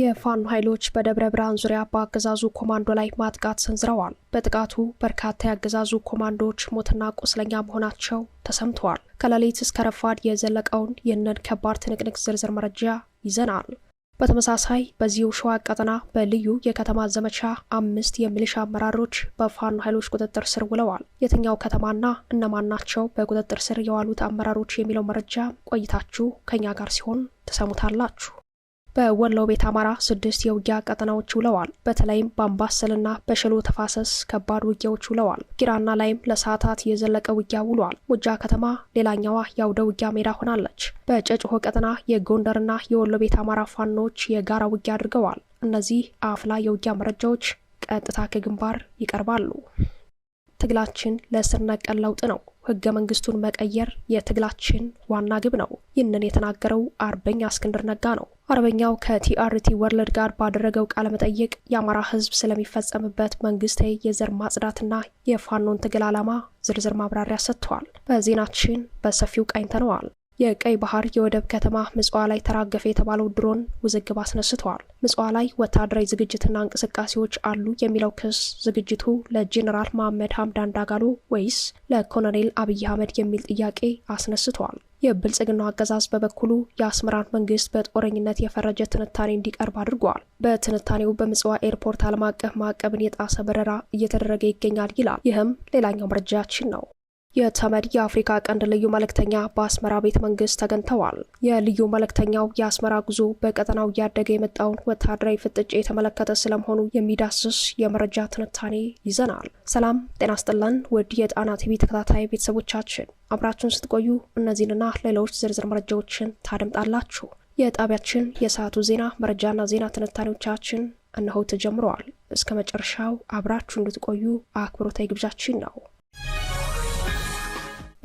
የፋኖ ኃይሎች በደብረ ብርሃን ዙሪያ በአገዛዙ ኮማንዶ ላይ ማጥቃት ሰንዝረዋል። በጥቃቱ በርካታ የአገዛዙ ኮማንዶዎች ሞትና ቁስለኛ መሆናቸው ተሰምተዋል። ከሌሊት እስከ ረፋድ የዘለቀውን ይህንን ከባድ ትንቅንቅ ዝርዝር መረጃ ይዘናል። በተመሳሳይ በዚሁ ሸዋ ቀጠና በልዩ የከተማ ዘመቻ አምስት የሚሊሻ አመራሮች በፋኖ ኃይሎች ቁጥጥር ስር ውለዋል። የትኛው ከተማና እነማን ናቸው በቁጥጥር ስር የዋሉት አመራሮች የሚለው መረጃ ቆይታችሁ ከኛ ጋር ሲሆን ትሰሙታላችሁ። በወሎ ቤት አማራ ስድስት የውጊያ ቀጠናዎች ውለዋል። በተለይም በአምባሰልና በሸሎ ተፋሰስ ከባድ ውጊያዎች ውለዋል። ጊራና ላይም ለሰዓታት የዘለቀ ውጊያ ውሏል። ሙጃ ከተማ ሌላኛዋ የአውደ ውጊያ ሜዳ ሆናለች። በጨጭሆ ቀጠና የጎንደርና የወሎ ቤት አማራ ፋኖች የጋራ ውጊያ አድርገዋል። እነዚህ አፍላ የውጊያ መረጃዎች ቀጥታ ከግንባር ይቀርባሉ። ትግላችን ለስር ነቀል ለውጥ ነው። ህገ መንግስቱን መቀየር የትግላችን ዋና ግብ ነው። ይህንን የተናገረው አርበኛ እስክንድር ነጋ ነው። አርበኛው ከቲአርቲ ወርልድ ጋር ባደረገው ቃለ መጠይቅ የአማራ ህዝብ ስለሚፈጸምበት መንግስታዊ የዘር ማጽዳትና የፋኖን ትግል ዓላማ ዝርዝር ማብራሪያ ሰጥተዋል። በዜናችን በሰፊው ቃኝተነዋል። የቀይ ባህር የወደብ ከተማ ምጽዋ ላይ ተራገፈ የተባለው ድሮን ውዝግብ አስነስተዋል። ምጽዋ ላይ ወታደራዊ ዝግጅትና እንቅስቃሴዎች አሉ የሚለው ክስ ዝግጅቱ ለጄኔራል መሐመድ ሀምዳን ዳጋሎ ወይስ ለኮሎኔል አብይ አህመድ የሚል ጥያቄ አስነስተዋል። የብልጽግናው አገዛዝ በበኩሉ የአስመራን መንግስት በጦረኝነት የፈረጀ ትንታኔ እንዲቀርብ አድርጓል። በትንታኔው በምጽዋ ኤርፖርት ዓለም አቀፍ ማዕቀብን የጣሰ በረራ እየተደረገ ይገኛል ይላል። ይህም ሌላኛው መረጃችን ነው። የተመድ የአፍሪካ ቀንድ ልዩ መልእክተኛ በአስመራ ቤተ መንግስት ተገኝተዋል። የልዩ መልእክተኛው የአስመራ ጉዞ በቀጠናው እያደገ የመጣውን ወታደራዊ ፍጥጫ የተመለከተ ስለመሆኑ የሚዳስስ የመረጃ ትንታኔ ይዘናል። ሰላም ጤና ስጥለን ውድ የጣና ቲቪ ተከታታይ ቤተሰቦቻችን አብራችሁን ስትቆዩ እነዚህንና ሌሎች ዝርዝር መረጃዎችን ታደምጣላችሁ። የጣቢያችን የሰዓቱ ዜና መረጃና ዜና ትንታኔዎቻችን እነሆ ተጀምረዋል። እስከ መጨረሻው አብራችሁ እንድትቆዩ አክብሮታዊ ግብዣችን ነው።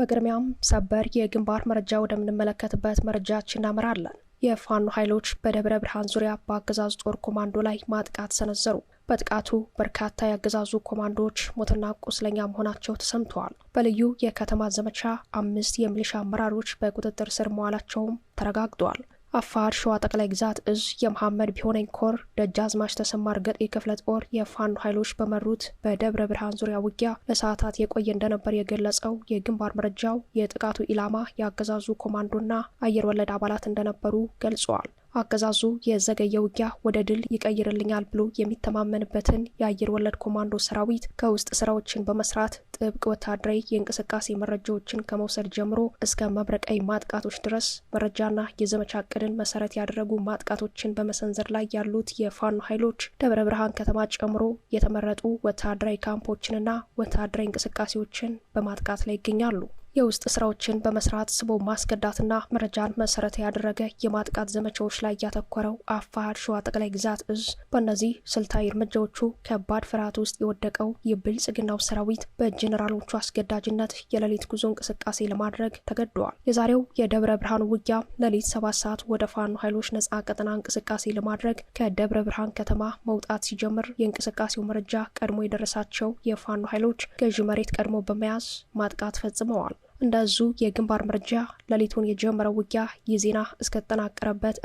በቅድሚያም ሰበር የግንባር መረጃ ወደምንመለከትበት መረጃችን እናመራለን። የፋኖ ኃይሎች በደብረ ብርሃን ዙሪያ በአገዛዙ ጦር ኮማንዶ ላይ ማጥቃት ሰነዘሩ። በጥቃቱ በርካታ የአገዛዙ ኮማንዶዎች ሞትና ቁስለኛ መሆናቸው ተሰምተዋል። በልዩ የከተማ ዘመቻ አምስት የሚሊሻ አመራሮች በቁጥጥር ስር መዋላቸውም ተረጋግጧል። አፋር ሸዋ ጠቅላይ ግዛት እዝ የመሐመድ ቢሆነኝ ኮር ደጃዝማች ተሰማ እርገጤ ክፍለ ጦር የፋኖ ኃይሎች በመሩት በደብረ ብርሃን ዙሪያ ውጊያ ለሰዓታት የቆየ እንደነበር የገለጸው የግንባር መረጃው የጥቃቱ ኢላማ የአገዛዙ ኮማንዶና አየር ወለድ አባላት እንደነበሩ ገልጸዋል። አገዛዙ የዘገየ ውጊያ ወደ ድል ይቀይርልኛል ብሎ የሚተማመንበትን የአየር ወለድ ኮማንዶ ሰራዊት ከውስጥ ስራዎችን በመስራት ጥብቅ ወታደራዊ የእንቅስቃሴ መረጃዎችን ከመውሰድ ጀምሮ እስከ መብረቃዊ ማጥቃቶች ድረስ መረጃና የዘመቻ እቅድን መሰረት ያደረጉ ማጥቃቶችን በመሰንዘር ላይ ያሉት የፋኖ ኃይሎች ደብረ ብርሃን ከተማ ጨምሮ የተመረጡ ወታደራዊ ካምፖችንና ወታደራዊ እንቅስቃሴዎችን በማጥቃት ላይ ይገኛሉ። የውስጥ ስራዎችን በመስራት ስቦ ማስገዳትና መረጃን መሰረት ያደረገ የማጥቃት ዘመቻዎች ላይ ያተኮረው አፋሃድ ሸዋ ጠቅላይ ግዛት እዝ በእነዚህ ስልታዊ እርምጃዎቹ ከባድ ፍርሃት ውስጥ የወደቀው የብልጽግናው ሰራዊት በጄኔራሎቹ አስገዳጅነት የሌሊት ጉዞ እንቅስቃሴ ለማድረግ ተገደዋል። የዛሬው የደብረ ብርሃን ውጊያ ሌሊት ሰባት ሰዓት ወደ ፋኖ ኃይሎች ነጻ ቀጠና እንቅስቃሴ ለማድረግ ከደብረ ብርሃን ከተማ መውጣት ሲጀምር የእንቅስቃሴው መረጃ ቀድሞ የደረሳቸው የፋኖ ኃይሎች ገዢ መሬት ቀድሞ በመያዝ ማጥቃት ፈጽመዋል። እንዳዙ የግንባር ምርጃ ሌሊቱን የጀመረው ውጊያ ይህ ዜና እስከተጠናቀረበት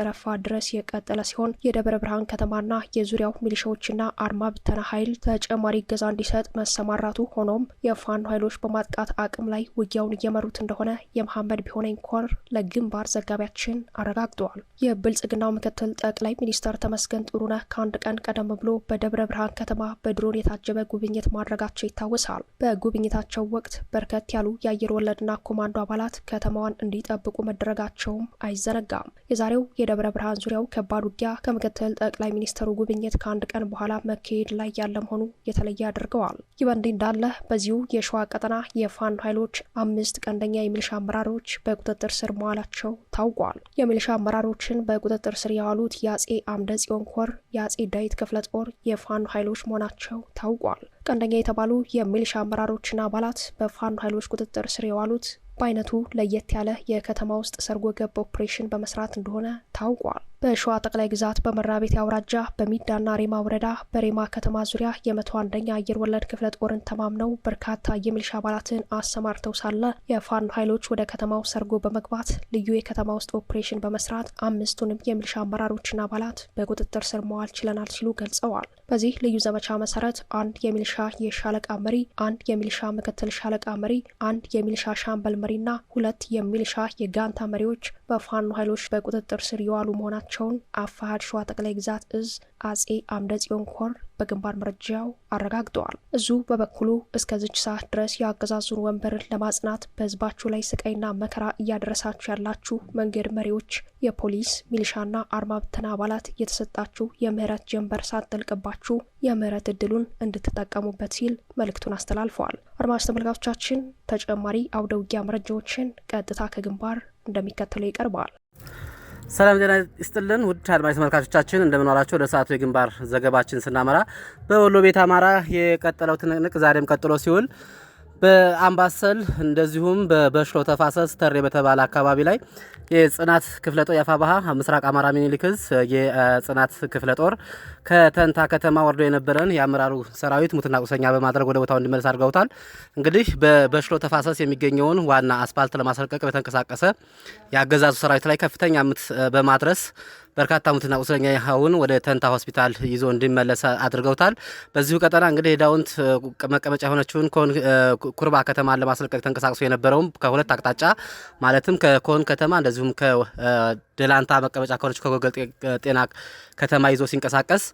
ድረስ የቀጠለ ሲሆን የደብረ ብርሃን ከተማና የዙሪያው ሚሊሻዎችና አርማ ብተና ኃይል ተጨማሪ እገዛ እንዲሰጥ መሰማራቱ፣ ሆኖም የፋኖ ኃይሎች በማጥቃት አቅም ላይ ውጊያውን እየመሩት እንደሆነ የመሐመድ ቢሆነኝ ኮር ለግንባር ዘጋቢያችን አረጋግጠዋል። የብልጽግናው ምክትል ጠቅላይ ሚኒስተር ተመስገን ጥሩነህ ከአንድ ቀን ቀደም ብሎ በደብረ ብርሃን ከተማ በድሮን የታጀበ ጉብኝት ማድረጋቸው ይታወሳል። በጉብኝታቸው ወቅት በርከት ያሉ የአየር ወለድ የብልጽግና ኮማንዶ አባላት ከተማዋን እንዲጠብቁ መደረጋቸውም አይዘነጋም። የዛሬው የደብረ ብርሃን ዙሪያው ከባድ ውጊያ ከምክትል ጠቅላይ ሚኒስትሩ ጉብኝት ከአንድ ቀን በኋላ መካሄድ ላይ ያለ መሆኑ የተለየ አድርገዋል። ይህ በእንዲህ እንዳለ በዚሁ የሸዋ ቀጠና የፋኖ ኃይሎች አምስት ቀንደኛ የሚሊሻ አመራሮች በቁጥጥር ስር መዋላቸው ታውቋል። የሚሊሻ አመራሮችን በቁጥጥር ስር የዋሉት የአጼ አምደ ጽዮን ኮር፣ የአጼ ዳዊት ክፍለ ጦር የፋኖ ኃይሎች መሆናቸው ታውቋል። ቀንደኛ የተባሉ የሚሊሻ አመራሮችና አባላት በፋኖ ኃይሎች ቁጥጥር ስር የዋሉት በአይነቱ ለየት ያለ የከተማ ውስጥ ሰርጎ ገብ ኦፕሬሽን በመስራት እንደሆነ ታውቋል። በሸዋ ጠቅላይ ግዛት በመራቤቴ አውራጃ በሚዳና ሬማ ወረዳ በሬማ ከተማ ዙሪያ የመቶ አንደኛ አየር ወለድ ክፍለ ጦርን ተማምነው በርካታ የሚሊሻ አባላትን አሰማርተው ሳለ የፋኖ ኃይሎች ወደ ከተማው ሰርጎ በመግባት ልዩ የከተማ ውስጥ ኦፕሬሽን በመስራት አምስቱንም የሚሊሻ አመራሮችና አባላት በቁጥጥር ስር መዋል ችለናል ሲሉ ገልጸዋል። በዚህ ልዩ ዘመቻ መሰረት አንድ የሚልሻ የሻለቃ መሪ፣ አንድ የሚልሻ ምክትል ሻለቃ መሪ፣ አንድ የሚልሻ ሻምበል መሪና ሁለት የሚልሻ የጋንታ መሪዎች በፋኖ ኃይሎች በቁጥጥር ስር የዋሉ መሆናቸውን አፋሃድ ሸዋ ጠቅላይ ግዛት እዝ አጼ አምደ ጽዮን ኮር በግንባር መረጃው አረጋግጠዋል። እዙ በበኩሉ ዝች ሰዓት ድረስ የአገዛዙን ወንበርን ለማጽናት በህዝባችሁ ላይ ስቃይና መከራ እያደረሳችሁ ያላችሁ መንገድ መሪዎች፣ የፖሊስ ሚሊሻና አርማ ብተና አባላት እየተሰጣችሁ የምህረት ጀንበር ሳትጠልቅባችሁ የምህረት እድሉን እንድትጠቀሙበት ሲል መልእክቱን አስተላልፈዋል። አድማጭ ተመልካቾቻችን ተጨማሪ አውደ ውጊያ መረጃዎችን ቀጥታ ከግንባር እንደሚከተለው ይቀርበዋል። ሰላም ጤና ይስጥልን ውድ አድማጭ ተመልካቾቻችን እንደምንዋላቸው ወደ ሰዓቱ የግንባር ዘገባችን ስናመራ በወሎ ቤት አማራ የቀጠለው ትንቅንቅ ዛሬም ቀጥሎ ሲውል በአምባሰል እንደዚሁም በበሽሎ ተፋሰስ ተሬ በተባለ አካባቢ ላይ የጽናት ክፍለ ጦር የአፋ ባሃ ምስራቅ አማራ ሚኒሊክዝ የጽናት ክፍለ ጦር ከተንታ ከተማ ወርዶ የነበረን የአመራሩ ሰራዊት ሙትና ቁሰኛ በማድረግ ወደ ቦታው እንዲመለስ አድርገውታል። እንግዲህ በበሽሎ ተፋሰስ የሚገኘውን ዋና አስፓልት ለማስለቀቅ በተንቀሳቀሰ የአገዛዙ ሰራዊት ላይ ከፍተኛ ምት በማድረስ በርካታ ሙትና ቁስለኛ ወደ ተንታ ሆስፒታል ይዞ እንዲመለስ አድርገውታል። በዚሁ ቀጠና እንግዲህ የዳውንት መቀመጫ የሆነችውን ኩርባ ከተማን ለማስለቀቅ ተንቀሳቅሶ የነበረውም ከሁለት አቅጣጫ ማለትም ከኮን ከተማ እንደዚሁም ደላንታ መቀመጫ ከሆነች ከጎገል ጤና ከተማ ይዞ ሲንቀሳቀስ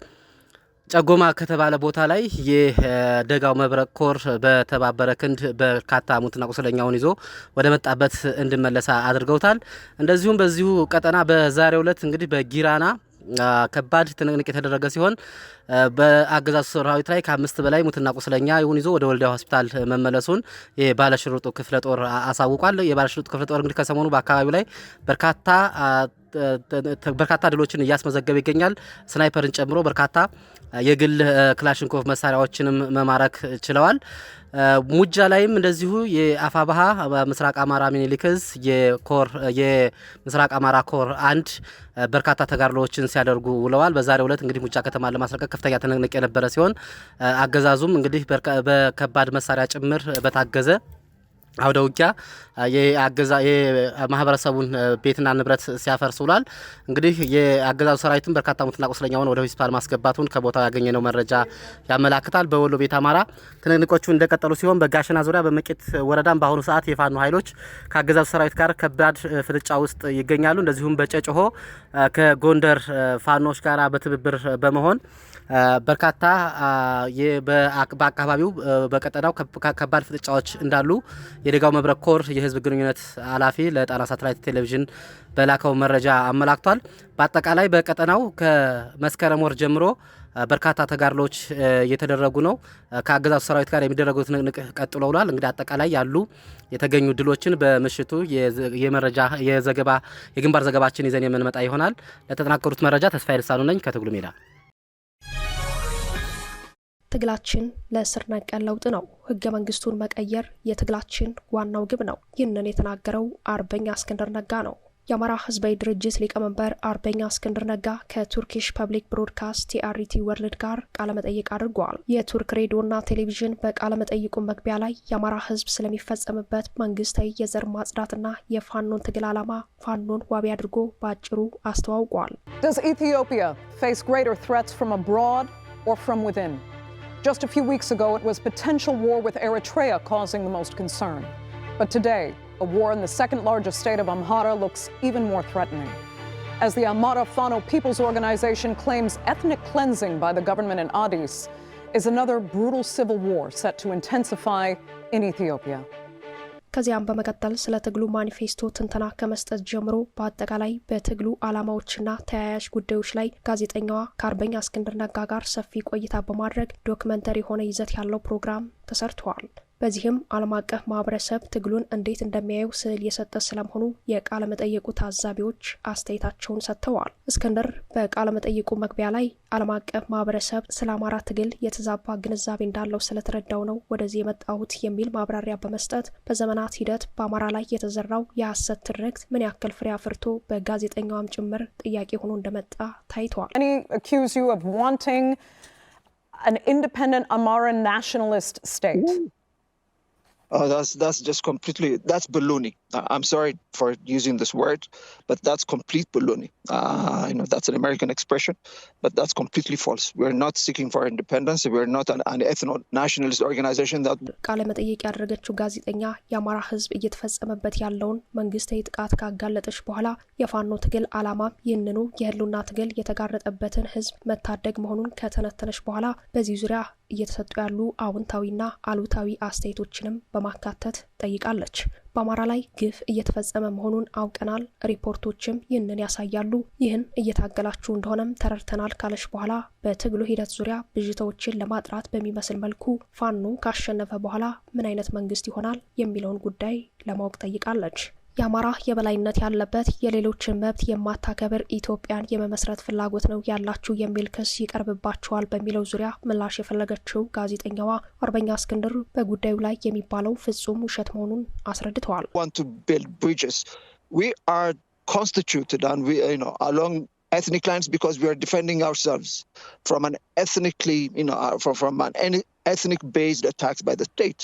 ጨጎማ ከተባለ ቦታ ላይ የደጋው መብረቅ ኮር በተባበረ ክንድ በርካታ ሙትና ቁስለኛውን ይዞ ወደ መጣበት እንድመለሳ አድርገውታል። እንደዚሁም በዚሁ ቀጠና በዛሬው ዕለት እንግዲህ በጊራና ከባድ ትንቅንቅ የተደረገ ሲሆን በአገዛዙ ሰራዊት ላይ ከአምስት በላይ ሙትና ቁስለኛ ይሁን ይዞ ወደ ወልዲያ ሆስፒታል መመለሱን የባለሽርጡ ክፍለ ጦር አሳውቋል። የባለሽርጡ ክፍለ ጦር እንግዲህ ከሰሞኑ በአካባቢው ላይ በርካታ በርካታ ድሎችን እያስመዘገበ ይገኛል። ስናይፐርን ጨምሮ በርካታ የግል ክላሽንኮቭ መሳሪያዎችንም መማረክ ችለዋል። ሙጃ ላይም እንደዚሁ የአፋባሃ ምስራቅ አማራ ሚኒሊክዝ የኮር የምስራቅ አማራ ኮር አንድ በርካታ ተጋድሎዎችን ሲያደርጉ ውለዋል። በዛሬው ዕለት እንግዲህ ሙጃ ከተማ ለማስለቀቅ ከፍተኛ ትንቅንቅ የነበረ ሲሆን አገዛዙም እንግዲህ በከባድ መሳሪያ ጭምር በታገዘ አውደ ውጊያ የማህበረሰቡን ቤትና ንብረት ሲያፈርስ ውሏል። እንግዲህ የአገዛዙ ሰራዊትም በርካታ ሙትና ቁስለኛውን ወደ ሆስፒታል ማስገባቱን ከቦታው ያገኘነው መረጃ ያመላክታል። በወሎ ቤት አማራ ትንቅንቆቹ እንደቀጠሉ ሲሆን በጋሸና ዙሪያ በመቄት ወረዳም በአሁኑ ሰዓት የፋኖ ኃይሎች ከአገዛዙ ሰራዊት ጋር ከባድ ፍጥጫ ውስጥ ይገኛሉ። እንደዚሁም በጨጭሆ ከጎንደር ፋኖች ጋር በትብብር በመሆን በርካታ በአካባቢው በቀጠናው ከባድ ፍጥጫዎች እንዳሉ የደጋው መብረቅ ኮር የህዝብ ግንኙነት ኃላፊ ለጣና ሳተላይት ቴሌቪዥን በላከው መረጃ አመላክቷል። በአጠቃላይ በቀጠናው ከመስከረም ወር ጀምሮ በርካታ ተጋድሎች እየተደረጉ ነው። ከአገዛዙ ሰራዊት ጋር የሚደረጉት ንቅንቅ ቀጥሎ ውሏል። እንግዲህ አጠቃላይ ያሉ የተገኙ ድሎችን በምሽቱ የመረጃ የዘገባ የግንባር ዘገባችን ይዘን የምንመጣ ይሆናል። ለተጠናከሩት መረጃ ተስፋዬ ልሳኑ ነኝ ከትግሉ ሜዳ ትግላችን ለስር ነቀል ለውጥ ነው። ህገ መንግስቱን መቀየር የትግላችን ዋናው ግብ ነው። ይህንን የተናገረው አርበኛ እስክንድር ነጋ ነው። የአማራ ህዝባዊ ድርጅት ሊቀመንበር አርበኛ እስክንድር ነጋ ከቱርኪሽ ፐብሊክ ብሮድካስት የአሪቲ ወርልድ ጋር ቃለመጠይቅ አድርጓል። የቱርክ ሬዲዮና ቴሌቪዥን በቃለመጠይቁ መግቢያ ላይ የአማራ ህዝብ ስለሚፈጸምበት መንግስታዊ የዘር ማጽዳትና የፋኖን ትግል ዓላማ ፋኖን ዋቢ አድርጎ በአጭሩ አስተዋውቋል። ኢትዮጵያ Just a few weeks ago, it was potential war with Eritrea causing the most concern. But today, a war in the second largest state of Amhara looks even more threatening. As the Amhara Fano People's Organization claims ethnic cleansing by the government in Addis is another brutal civil war set to intensify in Ethiopia. ከዚያም በመቀጠል ስለ ትግሉ ማኒፌስቶ ትንተና ከመስጠት ጀምሮ በአጠቃላይ በትግሉ ዓላማዎችና ተያያዥ ጉዳዮች ላይ ጋዜጠኛዋ ከአርበኛ እስክንድር ነጋ ጋር ሰፊ ቆይታ በማድረግ ዶክመንተሪ የሆነ ይዘት ያለው ፕሮግራም ተሰርተዋል። በዚህም ዓለም አቀፍ ማህበረሰብ ትግሉን እንዴት እንደሚያየው ስዕል የሰጠ ስለመሆኑ የቃለ መጠየቁ ታዛቢዎች አስተያየታቸውን ሰጥተዋል። እስክንድር በቃለ መጠየቁ መግቢያ ላይ ዓለም አቀፍ ማህበረሰብ ስለ አማራ ትግል የተዛባ ግንዛቤ እንዳለው ስለተረዳው ነው ወደዚህ የመጣሁት የሚል ማብራሪያ በመስጠት በዘመናት ሂደት በአማራ ላይ የተዘራው የሐሰት ትርክት ምን ያክል ፍሬ አፍርቶ በጋዜጠኛዋም ጭምር ጥያቄ ሆኖ እንደመጣ ታይተዋል። an independent Amara nationalist state. Oh, that's that's just completely that's baloney. I'm sorry for using this word, but that's complete baloney. Uh, you know, that's an American expression, but that's completely false. We're not seeking for independence. We're not an, an ethno nationalist organization that ቃለ መጠየቅ ያደረገችው ጋዜጠኛ የአማራ ሕዝብ እየተፈጸመበት ያለውን መንግስታዊ ጥቃት ካጋለጠች በኋላ የፋኖ ትግል አላማም ይህንኑ የህልውና ትግል የተጋረጠበትን ሕዝብ መታደግ መሆኑን ከተነተነች በኋላ በዚህ ዙሪያ እየተሰጡ ያሉ አዎንታዊና አሉታዊ አስተያየቶችንም በማካተት ጠይቃለች። በአማራ ላይ ግፍ እየተፈጸመ መሆኑን አውቀናል፣ ሪፖርቶችም ይህንን ያሳያሉ። ይህን እየታገላችሁ እንደሆነም ተረድተናል ካለች በኋላ በትግሉ ሂደት ዙሪያ ብዥታዎችን ለማጥራት በሚመስል መልኩ ፋኖ ካሸነፈ በኋላ ምን አይነት መንግስት ይሆናል የሚለውን ጉዳይ ለማወቅ ጠይቃለች። የአማራ የበላይነት ያለበት የሌሎችን መብት የማታከብር ኢትዮጵያን የመመስረት ፍላጎት ነው ያላችሁ የሚል ክስ ይቀርብባችኋል በሚለው ዙሪያ ምላሽ የፈለገችው ጋዜጠኛዋ አርበኛ እስክንድር በጉዳዩ ላይ የሚባለው ፍጹም ውሸት መሆኑን አስረድተዋል። ethnic lines because we are defending ourselves from an ethnically you know from, from an ethnic based attacks by the state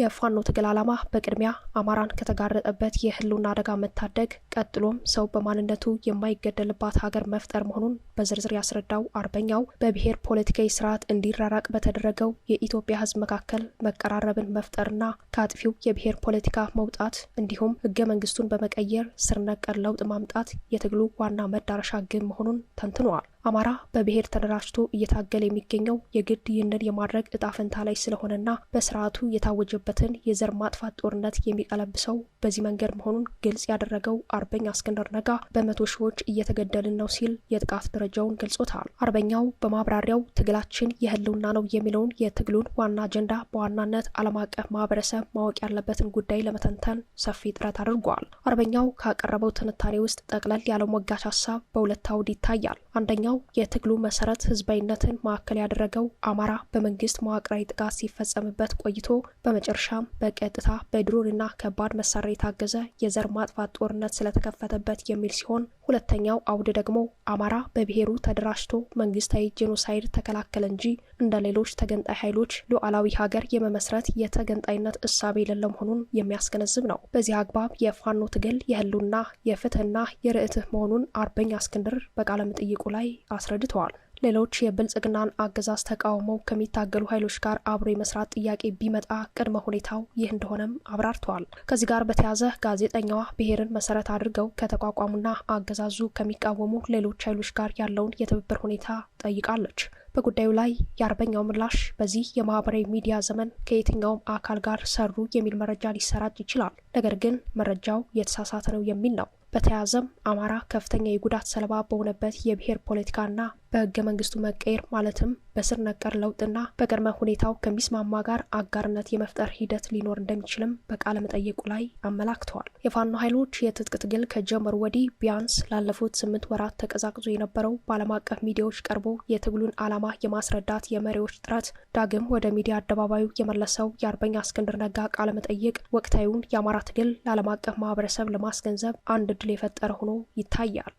የፋኖ ትግል ዓላማ በቅድሚያ አማራን ከተጋረጠበት የህልውና አደጋ መታደግ፣ ቀጥሎም ሰው በማንነቱ የማይገደልባት ሀገር መፍጠር መሆኑን በዝርዝር ያስረዳው አርበኛው በብሔር ፖለቲካዊ ስርዓት እንዲራራቅ በተደረገው የኢትዮጵያ ህዝብ መካከል መቀራረብን መፍጠርና ከአጥፊው የብሔር ፖለቲካ መውጣት እንዲሁም ህገ መንግስቱን በመቀየር ስር ነቀል ለውጥ ማምጣት የትግሉ ዋና መዳረሻ ግብ መሆኑን ተንትነዋል። አማራ በብሔር ተደራጅቶ እየታገለ የሚገኘው የግድ ይህንን የማድረግ እጣ ፈንታ ላይ ስለሆነና በስርዓቱ የታወጀበትን የዘር ማጥፋት ጦርነት የሚቀለብሰው በዚህ መንገድ መሆኑን ግልጽ ያደረገው አርበኛ እስክንድር ነጋ በመቶ ሺዎች እየተገደልን ነው ሲል የጥቃት ደረጃውን ገልጾታል። አርበኛው በማብራሪያው ትግላችን የህልውና ነው የሚለውን የትግሉን ዋና አጀንዳ በዋናነት ዓለም አቀፍ ማህበረሰብ ማወቅ ያለበትን ጉዳይ ለመተንተን ሰፊ ጥረት አድርጓል። አርበኛው ካቀረበው ትንታኔ ውስጥ ጠቅለል ያለው ሞጋች ሀሳብ በሁለት አውድ ይታያል። አንደኛው ነው የትግሉ መሰረት ህዝባዊነትን ማዕከል ያደረገው አማራ በመንግስት መዋቅራዊ ጥቃት ሲፈጸምበት ቆይቶ በመጨረሻም በቀጥታ በድሮንና ከባድ መሳሪያ የታገዘ የዘር ማጥፋት ጦርነት ስለተከፈተበት የሚል ሲሆን ሁለተኛው አውድ ደግሞ አማራ በብሔሩ ተደራጅቶ መንግስታዊ ጄኖሳይድ ተከላከለ እንጂ እንደ ሌሎች ተገንጣይ ኃይሎች ሉዓላዊ ሀገር የመመስረት የተገንጣይነት እሳቤ የሌለ መሆኑን የሚያስገነዝብ ነው። በዚህ አግባብ የፋኖ ትግል የህልውና የፍትህና የርእትህ መሆኑን አርበኛ እስክንድር በቃለ መጠይቁ ላይ አስረድተዋል። ሌሎች የብልጽግናን አገዛዝ ተቃውሞ ከሚታገሉ ኃይሎች ጋር አብሮ የመስራት ጥያቄ ቢመጣ ቅድመ ሁኔታው ይህ እንደሆነም አብራርተዋል። ከዚህ ጋር በተያያዘ ጋዜጠኛዋ ብሔርን መሰረት አድርገው ከተቋቋሙና አገዛዙ ከሚቃወሙ ሌሎች ኃይሎች ጋር ያለውን የትብብር ሁኔታ ጠይቃለች። በጉዳዩ ላይ የአርበኛው ምላሽ በዚህ የማህበራዊ ሚዲያ ዘመን ከየትኛውም አካል ጋር ሰሩ የሚል መረጃ ሊሰራጭ ይችላል። ነገር ግን መረጃው የተሳሳተ ነው የሚል ነው። በተያያዘም አማራ ከፍተኛ የጉዳት ሰለባ በሆነበት የብሔር ፖለቲካና በህገ መንግስቱ መቀየር ማለትም በስር ነቀር ለውጥና በቅድመ ሁኔታው ከሚስማማ ጋር አጋርነት የመፍጠር ሂደት ሊኖር እንደሚችልም በቃለ መጠየቁ ላይ አመላክተዋል። የፋኖ ኃይሎች የትጥቅ ትግል ከጀመሩ ወዲህ ቢያንስ ላለፉት ስምንት ወራት ተቀዛቅዞ የነበረው በዓለም አቀፍ ሚዲያዎች ቀርቦ የትግሉን ዓላማ የማስረዳት የመሪዎች ጥረት ዳግም ወደ ሚዲያ አደባባዩ የመለሰው የአርበኛ እስክንድር ነጋ ቃለ መጠየቅ ወቅታዊውን የአማራ ትግል ለዓለም አቀፍ ማህበረሰብ ለማስገንዘብ አንድ እድል የፈጠረ ሆኖ ይታያል።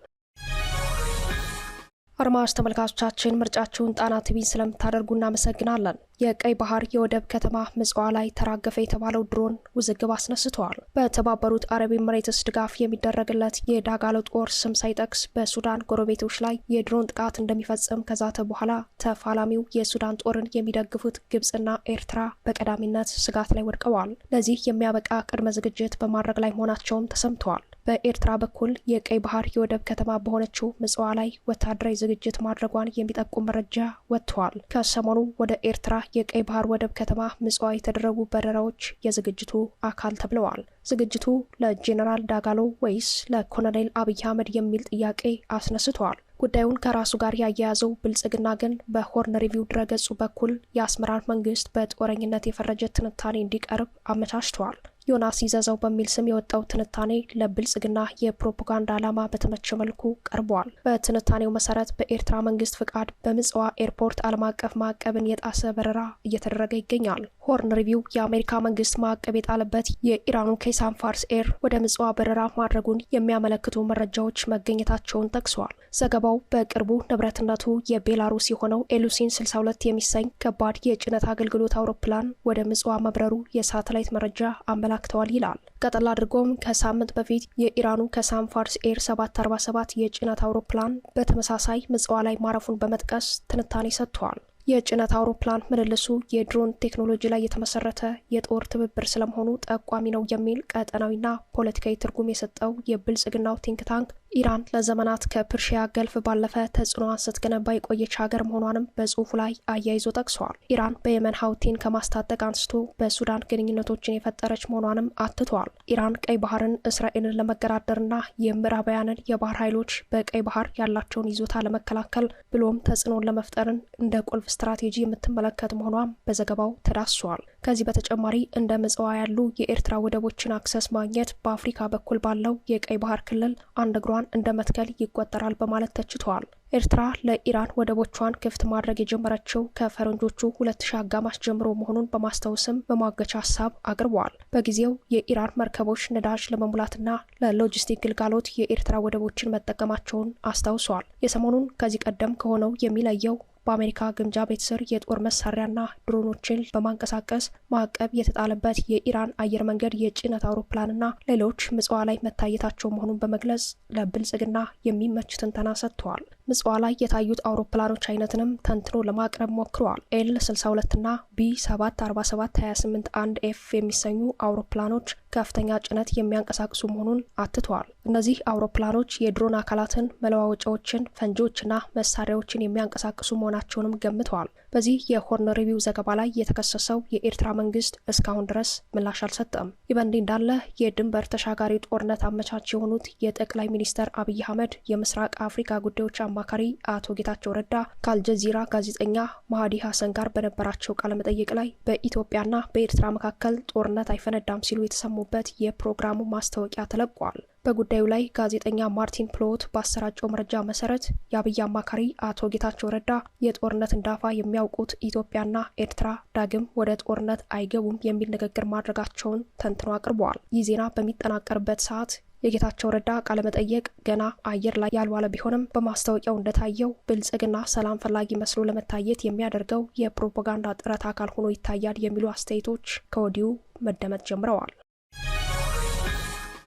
አድማጭ ተመልካቾቻችን ምርጫችሁን ጣና ቲቪን ስለምታደርጉ እናመሰግናለን። የቀይ ባህር የወደብ ከተማ ምጽዋ ላይ ተራገፈ የተባለው ድሮን ውዝግብ አስነስተዋል። በተባበሩት አረብ ኤምሬትስ ድጋፍ የሚደረግለት የዳጋሎ ጦር ስም ሳይጠቅስ በሱዳን ጎረቤቶች ላይ የድሮን ጥቃት እንደሚፈጽም ከዛተ በኋላ ተፋላሚው የሱዳን ጦርን የሚደግፉት ግብጽና ኤርትራ በቀዳሚነት ስጋት ላይ ወድቀዋል። ለዚህ የሚያበቃ ቅድመ ዝግጅት በማድረግ ላይ መሆናቸውም ተሰምተዋል። በኤርትራ በኩል የቀይ ባህር የወደብ ከተማ በሆነችው ምጽዋ ላይ ወታደራዊ ዝግጅት ማድረጓን የሚጠቁም መረጃ ወጥተዋል። ከሰሞኑ ወደ ኤርትራ የቀይ ባህር ወደብ ከተማ ምጽዋ የተደረጉ በረራዎች የዝግጅቱ አካል ተብለዋል። ዝግጅቱ ለጄኔራል ዳጋሎ ወይስ ለኮሎኔል አብይ አህመድ የሚል ጥያቄ አስነስተዋል። ጉዳዩን ከራሱ ጋር ያያያዘው ብልጽግና ግን በሆርን ሪቪው ድረገጹ በኩል የአስመራን መንግስት በጦረኝነት የፈረጀ ትንታኔ እንዲቀርብ አመቻችተዋል። ዮናስ ይዘዘው በሚል ስም የወጣው ትንታኔ ለብልጽግና የፕሮፓጋንዳ ዓላማ በተመቸ መልኩ ቀርቧል። በትንታኔው መሰረት በኤርትራ መንግስት ፍቃድ በምጽዋ ኤርፖርት ዓለም አቀፍ ማዕቀብን የጣሰ በረራ እየተደረገ ይገኛል። ሆርን ሪቪው የአሜሪካ መንግስት ማዕቀብ የጣለበት የኢራኑ ኬሳን ፋርስ ኤር ወደ ምጽዋ በረራ ማድረጉን የሚያመለክቱ መረጃዎች መገኘታቸውን ጠቅሷል። ዘገባው በቅርቡ ንብረትነቱ የቤላሩስ የሆነው ኤሉሲን 62 የሚሰኝ ከባድ የጭነት አገልግሎት አውሮፕላን ወደ ምጽዋ መብረሩ የሳተላይት መረጃ አመላ አመላክተዋል ይላል። ቀጠል አድርጎም ከሳምንት በፊት የኢራኑ ከሳም ፋርስ ኤር 747 የጭነት አውሮፕላን በተመሳሳይ ምጽዋ ላይ ማረፉን በመጥቀስ ትንታኔ ሰጥቷል። የጭነት አውሮፕላን ምልልሱ የድሮን ቴክኖሎጂ ላይ የተመሰረተ የጦር ትብብር ስለመሆኑ ጠቋሚ ነው የሚል ቀጠናዊና ፖለቲካዊ ትርጉም የሰጠው የብልጽግናው ቲንክ ታንክ ኢራን ለዘመናት ከፕርሺያ ገልፍ ባለፈ ተጽዕኖዋን ስትገነባ የቆየች ሀገር መሆኗንም በጽሁፉ ላይ አያይዞ ጠቅሰዋል። ኢራን በየመን ሀውቲን ከማስታጠቅ አንስቶ በሱዳን ግንኙነቶችን የፈጠረች መሆኗንም አትተዋል። ኢራን ቀይ ባህርን እስራኤልን ለመገዳደርና የምዕራባውያንን የባህር ኃይሎች በቀይ ባህር ያላቸውን ይዞታ ለመከላከል ብሎም ተጽዕኖን ለመፍጠርን እንደ ቁልፍ ስትራቴጂ የምትመለከት መሆኗም በዘገባው ተዳስሷል። ከዚህ በተጨማሪ እንደ ምጽዋ ያሉ የኤርትራ ወደቦችን አክሰስ ማግኘት በአፍሪካ በኩል ባለው የቀይ ባህር ክልል አንድ እግሯን ኤርትራን እንደ መትከል ይቆጠራል በማለት ተችተዋል። ኤርትራ ለኢራን ወደቦቿን ክፍት ማድረግ የጀመረችው ከፈረንጆቹ ሁለት ሺ አጋማሽ ጀምሮ መሆኑን በማስታወስም በማገቻ ሀሳብ አቅርበዋል። በጊዜው የኢራን መርከቦች ነዳጅ ለመሙላትና ለሎጂስቲክ ግልጋሎት የኤርትራ ወደቦችን መጠቀማቸውን አስታውሰዋል። የሰሞኑን ከዚህ ቀደም ከሆነው የሚለየው በአሜሪካ ግምጃ ቤት ስር የጦር መሳሪያና ድሮኖችን በማንቀሳቀስ ማዕቀብ የተጣለበት የኢራን አየር መንገድ የጭነት አውሮፕላንና ሌሎች ምጽዋ ላይ መታየታቸው መሆኑን በመግለጽ ለብልጽግና የሚመች ትንተና ሰጥተዋል። ምጽዋ ላይ የታዩት አውሮፕላኖች አይነትንም ተንትኖ ለማቅረብ ሞክረዋል። ኤል 62 እና ቢ 28 1 ኤፍ የሚሰኙ አውሮፕላኖች ከፍተኛ ጭነት የሚያንቀሳቅሱ መሆኑን አትተዋል። እነዚህ አውሮፕላኖች የድሮን አካላትን፣ መለዋወጫዎችን፣ ፈንጂዎችና መሳሪያዎችን የሚያንቀሳቅሱ መሆናቸውንም ገምተዋል። በዚህ የሆርን ሪቪው ዘገባ ላይ የተከሰሰው የኤርትራ መንግስት እስካሁን ድረስ ምላሽ አልሰጠም። ይህ በእንዲህ እንዳለ የድንበር ተሻጋሪ ጦርነት አመቻች የሆኑት የጠቅላይ ሚኒስትር አብይ አህመድ የምስራቅ አፍሪካ ጉዳዮች አማካሪ አቶ ጌታቸው ረዳ ከአልጀዚራ ጋዜጠኛ ማሃዲ ሀሰን ጋር በነበራቸው ቃለመጠይቅ ላይ በኢትዮጵያና በኤርትራ መካከል ጦርነት አይፈነዳም ሲሉ የተሰሙበት የፕሮግራሙ ማስታወቂያ ተለቋል። በጉዳዩ ላይ ጋዜጠኛ ማርቲን ፕሎት ባሰራጨው መረጃ መሰረት የአብይ አማካሪ አቶ ጌታቸው ረዳ የጦርነት እንዳፋ የሚያውቁት ኢትዮጵያና ኤርትራ ዳግም ወደ ጦርነት አይገቡም የሚል ንግግር ማድረጋቸውን ተንትኖ አቅርበዋል። ይህ ዜና በሚጠናቀርበት ሰዓት የጌታቸው ረዳ ቃለመጠየቅ ገና አየር ላይ ያልዋለ ቢሆንም በማስታወቂያው እንደታየው ብልጽግና ሰላም ፈላጊ መስሎ ለመታየት የሚያደርገው የፕሮፓጋንዳ ጥረት አካል ሆኖ ይታያል የሚሉ አስተያየቶች ከወዲሁ መደመጥ ጀምረዋል።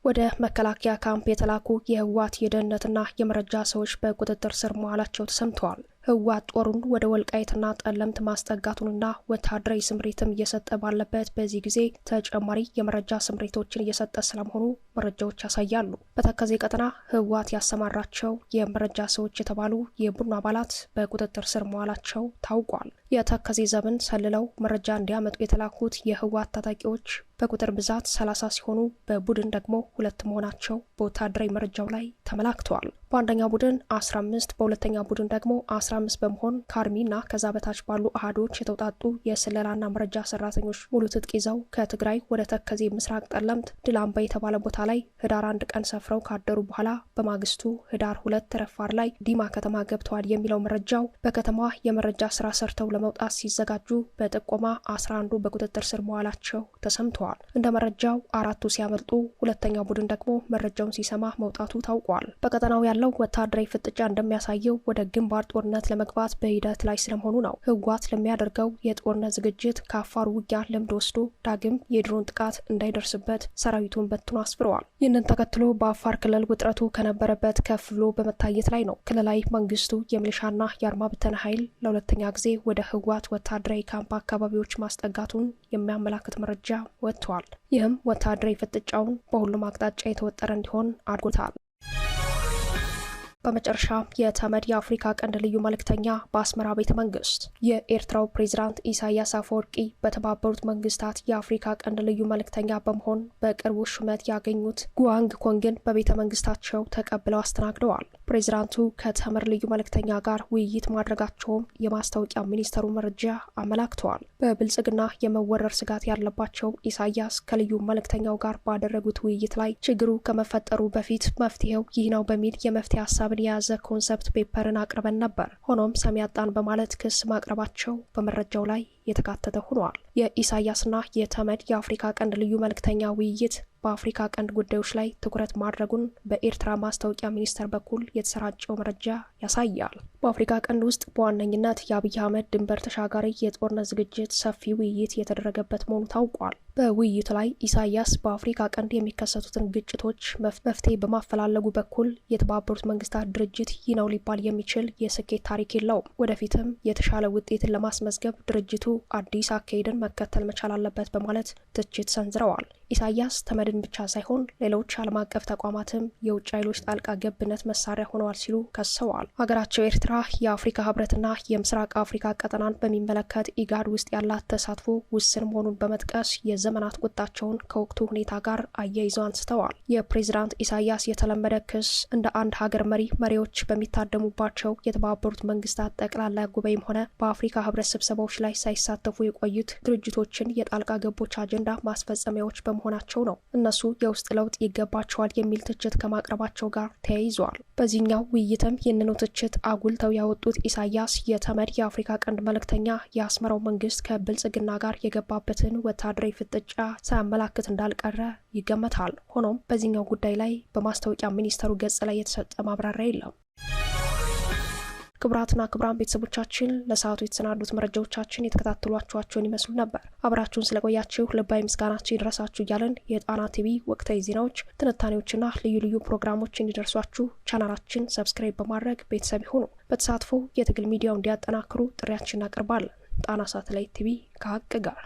ወደ መከላከያ ካምፕ የተላኩ የህወሓት የደህንነትና የመረጃ ሰዎች በቁጥጥር ስር መዋላቸው ተሰምተዋል። ህወሓት ጦሩን ወደ ወልቃይትና ጠለምት ማስጠጋቱንና ወታደራዊ ስምሪትም እየሰጠ ባለበት በዚህ ጊዜ ተጨማሪ የመረጃ ስምሪቶችን እየሰጠ ስለመሆኑ መረጃዎች ያሳያሉ። በተከዜ ቀጠና ህወሓት ያሰማራቸው የመረጃ ሰዎች የተባሉ የቡድኑ አባላት በቁጥጥር ስር መዋላቸው ታውቋል። የተከዜ ዘመን ሰልለው መረጃ እንዲያመጡ የተላኩት የህወሓት ታጣቂዎች በቁጥር ብዛት ሰላሳ ሲሆኑ በቡድን ደግሞ ሁለት መሆናቸው በወታደራዊ መረጃው ላይ ተመላክተዋል። በአንደኛ ቡድን አስራ አምስት በሁለተኛ ቡድን ደግሞ አስራ አምስት በመሆን ከአርሚና ከዛ በታች ባሉ አህዶች የተውጣጡ የስለላና መረጃ ሰራተኞች ሙሉ ትጥቅ ይዘው ከትግራይ ወደ ተከዜ ምስራቅ ጠለምት ድላምባ የተባለ ቦታ ላይ ህዳር አንድ ቀን ሰፍረው ካደሩ በኋላ በማግስቱ ህዳር ሁለት ረፋር ላይ ዲማ ከተማ ገብተዋል የሚለው መረጃው በከተማ የመረጃ ስራ ሰርተው ለመውጣት ሲዘጋጁ በጥቆማ አስራ አንዱ በቁጥጥር ስር መዋላቸው ተሰምተዋል። እንደ መረጃው አራቱ ሲያመልጡ፣ ሁለተኛው ቡድን ደግሞ መረጃውን ሲሰማ መውጣቱ ታውቋል። በቀጠናው ያለው ወታደራዊ ፍጥጫ እንደሚያሳየው ወደ ግንባር ጦርነት ለመግባት በሂደት ላይ ስለመሆኑ ነው። ህወሓት ለሚያደርገው የጦርነት ዝግጅት ከአፋር ውጊያ ልምድ ወስዶ ዳግም የድሮን ጥቃት እንዳይደርስበት ሰራዊቱን በትኖ አስፍረዋል። ይህንን ተከትሎ በአፋር ክልል ውጥረቱ ከነበረበት ከፍ ብሎ በመታየት ላይ ነው። ክልላዊ መንግስቱ የሚሊሻና የአርማ ብተና ኃይል ለሁለተኛ ጊዜ ወደ ህወሓት ወታደራዊ ካምፕ አካባቢዎች ማስጠጋቱን የሚያመላክት መረጃ ወጥቷል። ይህም ወታደራዊ ፍጥጫውን በሁሉም አቅጣጫ የተወጠረ እንዲሆን አድርጎታል። በመጨረሻ የተመድ የአፍሪካ ቀንድ ልዩ መልእክተኛ በአስመራ ቤተ መንግስት የኤርትራው ፕሬዚዳንት ኢሳያስ አፈወርቂ በተባበሩት መንግስታት የአፍሪካ ቀንድ ልዩ መልእክተኛ በመሆን በቅርቡ ሹመት ያገኙት ጉዋንግ ኮንግን በቤተ መንግስታቸው ተቀብለው አስተናግደዋል። ፕሬዚዳንቱ ከተመድ ልዩ መልእክተኛ ጋር ውይይት ማድረጋቸውም የማስታወቂያ ሚኒስተሩ መረጃ አመላክተዋል። በብልጽግና የመወረር ስጋት ያለባቸው ኢሳያስ ከልዩ መልእክተኛው ጋር ባደረጉት ውይይት ላይ ችግሩ ከመፈጠሩ በፊት መፍትሄው ይህ ነው በሚል የመፍትሄ ሀሳብ ሀሳብን የያዘ ኮንሰፕት ፔፐርን አቅርበን ነበር። ሆኖም ሰሚ ያጣን በማለት ክስ ማቅረባቸው በመረጃው ላይ የተካተተ ሆኗል። የኢሳያስና የተመድ የአፍሪካ ቀንድ ልዩ መልእክተኛ ውይይት በአፍሪካ ቀንድ ጉዳዮች ላይ ትኩረት ማድረጉን በኤርትራ ማስታወቂያ ሚኒስቴር በኩል የተሰራጨው መረጃ ያሳያል። በአፍሪካ ቀንድ ውስጥ በዋነኝነት የአብይ አህመድ ድንበር ተሻጋሪ የጦርነት ዝግጅት ሰፊ ውይይት የተደረገበት መሆኑ ታውቋል። በውይይቱ ላይ ኢሳያስ በአፍሪካ ቀንድ የሚከሰቱትን ግጭቶች መፍትሄ በማፈላለጉ በኩል የተባበሩት መንግስታት ድርጅት ይህ ነው ሊባል የሚችል የስኬት ታሪክ የለውም፣ ወደፊትም የተሻለ ውጤትን ለማስመዝገብ ድርጅቱ አዲስ አካሄድን መከተል መቻል አለበት በማለት ትችት ሰንዝረዋል። ኢሳያስ ተመድን ብቻ ሳይሆን ሌሎች ዓለም አቀፍ ተቋማትም የውጭ ኃይሎች ጣልቃ ገብነት መሳሪያ ሆነዋል ሲሉ ከሰዋል። ሀገራቸው ኤርትራ የአፍሪካ ህብረትና የምስራቅ አፍሪካ ቀጠናን በሚመለከት ኢጋድ ውስጥ ያላት ተሳትፎ ውስን መሆኑን በመጥቀስ የዘመናት ቁጣቸውን ከወቅቱ ሁኔታ ጋር አያይዘው አንስተዋል። የፕሬዚዳንት ኢሳያስ የተለመደ ክስ እንደ አንድ ሀገር መሪ መሪዎች በሚታደሙባቸው የተባበሩት መንግስታት ጠቅላላ ጉባኤም ሆነ በአፍሪካ ህብረት ስብሰባዎች ላይ ሳይ ሲሳተፉ የቆዩት ድርጅቶችን የጣልቃ ገቦች አጀንዳ ማስፈጸሚያዎች በመሆናቸው ነው እነሱ የውስጥ ለውጥ ይገባቸዋል የሚል ትችት ከማቅረባቸው ጋር ተያይዘዋል። በዚህኛው ውይይትም ይህንኑ ትችት አጉልተው ያወጡት ኢሳያስ የተመድ የአፍሪካ ቀንድ መልእክተኛ የአስመራው መንግስት ከብልጽግና ጋር የገባበትን ወታደራዊ ፍጥጫ ሳያመላክት እንዳልቀረ ይገመታል። ሆኖም በዚህኛው ጉዳይ ላይ በማስታወቂያ ሚኒስተሩ ገጽ ላይ የተሰጠ ማብራሪያ የለም። ክቡራትና ክቡራን ቤተሰቦቻችን ለሰዓቱ የተሰናዱት መረጃዎቻችን የተከታተሏችኋቸውን ይመስሉ ነበር። አብራችሁን ስለቆያችሁ ልባዊ ምስጋናችን ይድረሳችሁ እያለን የጣና ቲቪ ወቅታዊ ዜናዎች፣ ትንታኔዎችና ልዩ ልዩ ፕሮግራሞች እንዲደርሷችሁ ቻናላችን ሰብስክራይብ በማድረግ ቤተሰብ ይሁኑ። በተሳትፎ የትግል ሚዲያው እንዲያጠናክሩ ጥሪያችን እናቀርባለን። ጣና ሳተላይት ቲቪ ከሀቅ ጋር